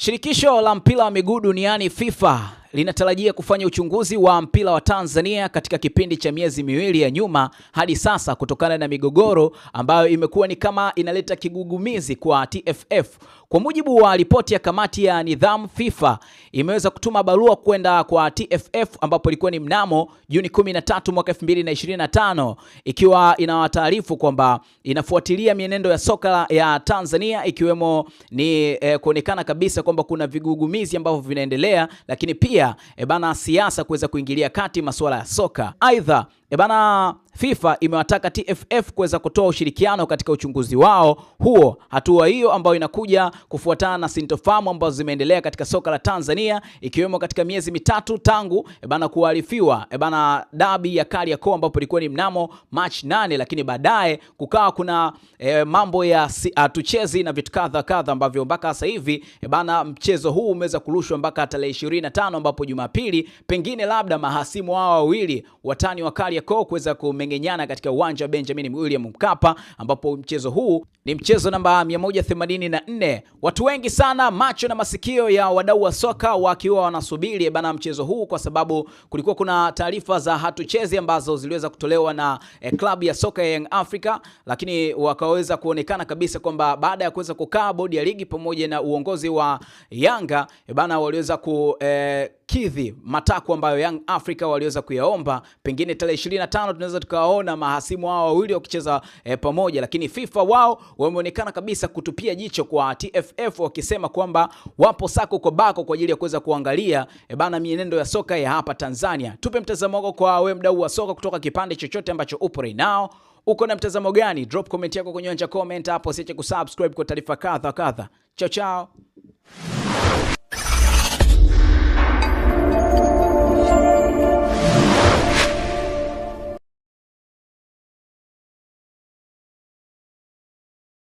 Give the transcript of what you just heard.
Shirikisho la mpira wa miguu duniani FIFA linatarajia kufanya uchunguzi wa mpira wa Tanzania katika kipindi cha miezi miwili ya nyuma hadi sasa kutokana na migogoro ambayo imekuwa ni kama inaleta kigugumizi kwa TFF. Kwa mujibu wa ripoti ya kamati ya nidhamu FIFA imeweza kutuma barua kwenda kwa TFF ambapo ilikuwa ni mnamo Juni 13 mwaka 2025 ikiwa inawataarifu kwamba inafuatilia mienendo ya soka ya Tanzania ikiwemo ni eh, kuonekana kabisa kwamba kuna vigugumizi ambavyo vinaendelea, lakini pia e bana siasa kuweza kuingilia kati masuala ya soka. Aidha, e bana FIFA imewataka TFF kuweza kutoa ushirikiano katika uchunguzi wao huo, hatua hiyo ambayo inakuja kufuatana na sintofahamu ambazo zimeendelea katika soka la Tanzania, ikiwemo katika miezi mitatu tangu ebana kuarifiwa ebana dabi ya Kariakoo ambapo ilikuwa ni mnamo Machi 8, lakini baadaye kukawa kuna e, mambo ya si, tuchezi na vitu kadha kadha ambavyo mpaka sasa hivi ebana mchezo huu umeweza kurushwa mpaka tarehe 25 ambapo Jumapili pengine labda mahasimu hao wawili watani wa Kariakoo kuweza ku kumengenyana katika uwanja wa Benjamin William Mkapa, ambapo mchezo huu ni mchezo namba 184. Watu wengi sana macho na masikio ya wadau wa soka wakiwa wanasubiri bana mchezo huu, kwa sababu kulikuwa kuna taarifa za hatuchezi ambazo ziliweza kutolewa na eh, klabu ya soka ya Young Africa, lakini wakaweza kuonekana kabisa kwamba baada ya kuweza kukaa bodi ya ligi pamoja na uongozi wa Yanga eh, bana waliweza ku eh, kukidhi matako ambayo Young Africa waliweza kuyaomba. Pengine tarehe 25 tunaweza tukaona mahasimu hao wawili wakicheza e, pamoja, lakini FIFA wao wameonekana kabisa kutupia jicho kwa TFF wakisema kwamba wapo sako kwa bako kwa ajili ya kuweza kuangalia e, bana mienendo ya soka ya hapa Tanzania. Tupe mtazamo wako kwa wewe mdau wa soka kutoka kipande chochote ambacho upo right now. Uko na mtazamo gani? Drop comment yako kwenye anja comment hapo, usiache kusubscribe kwa taarifa kadha kadha. Chao chao.